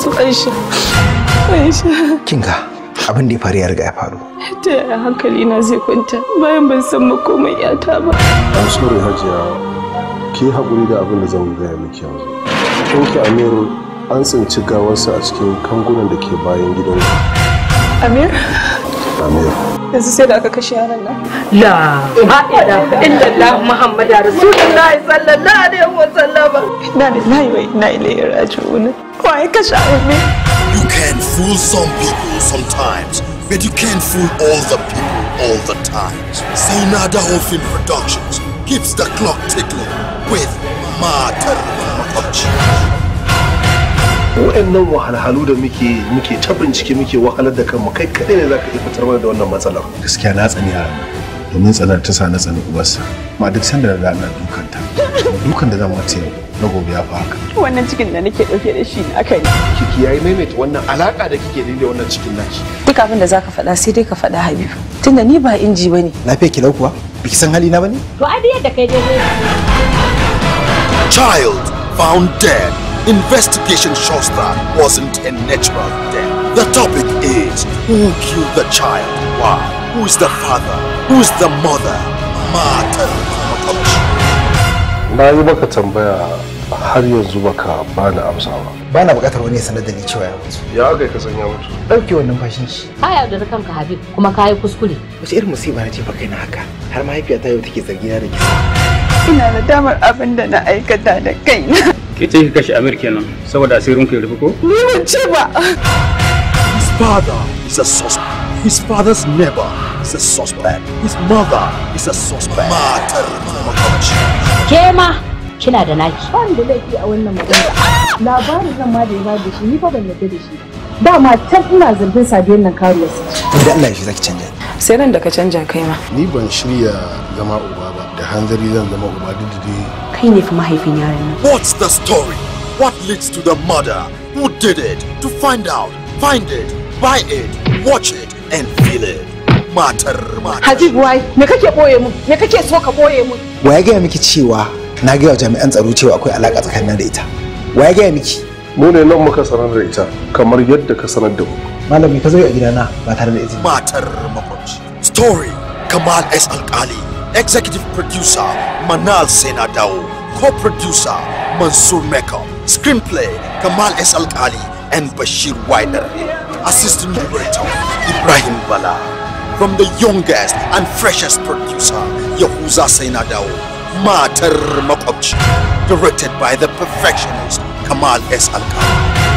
su Aisha. Aisha. Kinga abin da ya faru ya riga ya faru. Ta yaya hankali na zai kwanta bayan ban san makomai yata ba. I'm sorry Hajiya ki haƙuri da abin da zan gaya miki yanzu. Ɗauki Amir an tsinci gawarsa a cikin kangunan da ke bayan gidan. Amir? Amir. yanzu sai da aka kashe yaran nan. La illa illallah Muhammadu Rasulullahi sallallahu alaihi wa sallam. na lillahi wa inna ilaihi raji'un. why Kashaumi? You can fool some people sometimes, but you can't fool all the people all the time. Zainada Hofin Productions keeps the clock tickling with Matar Makachi. wa'annan wahalhalu da muke Miki ta bincike muke wahalar da kanmu kai kadai ne zaka iya fitar mana da wannan matsalar gaskiya na The yaran are tsanar ta sa na tsani uwarsa My duk sanda da na dukanta dukan da zan mace na gobe ya fi haka wannan cikin da nake dauke da shi aka yi kiki yayi maimaita wannan alaka da kike da wannan cikin naki. duk abin da zaka faɗa sai dai ka faɗa Habibu tunda ni ba inji bane lafiya ki kuwa biki san hali na bane to abi yadda kai dai child found dead investigation shows that wasn't a natural death the topic is who killed the child why who is the father who is the mother murder na yi maka tambaya har yanzu baka ni amsa ba ba na bukatar wani sanar da ni cewa ya mutu ya kai ka y'a mutu ɗauke wannan fashin shi ka da kanka habib kuma ka yi kuskure wace irin musiba na jefa na haka har ta yau take zargina da kisa ina da damar abin da na aikata da kaina ke ce ki kashe amir kenan saboda asirin ku ya rufe ko ni ban ce ba his father is a suspect his father's neighbor is a suspect his mother is a suspect matar makwabci Kema, ma kina da naki Ban da laifi a wannan magana labarin zan ma da ya da shi ni fa ban yarda da shi ba ma can ina zargin sabiyan nan karuwa su da Allah shi zaki canja sai nan da ka canja kai ma ni ban shirya zama uba ba da hanzari zan zama uba duk da kai ne fa mahaifin yaron nan what's the story what leads to the murder who did it to find out find it buy it watch it and feel it matar Habib wai me kake boye mu me kake so ka boye mu wa ya gaya miki cewa na gaya jami'an tsaro cewa akwai alaka tsakanin da ita wa ya gaya miki mu ne nan muka sanar da ita kamar yadda ka sanar da mu malami ka zo a gidana ba tare da izini matar makwabci story kamal s alkali executive producer manal senadao co-producer mansur mekong screenplay kamal s alkali and bashir wider assistant director ibrahim bala from the youngest and freshest producer, Yahuza Sainadao, Mater Makwabchi, directed by the perfectionist Kamal S. Alkali.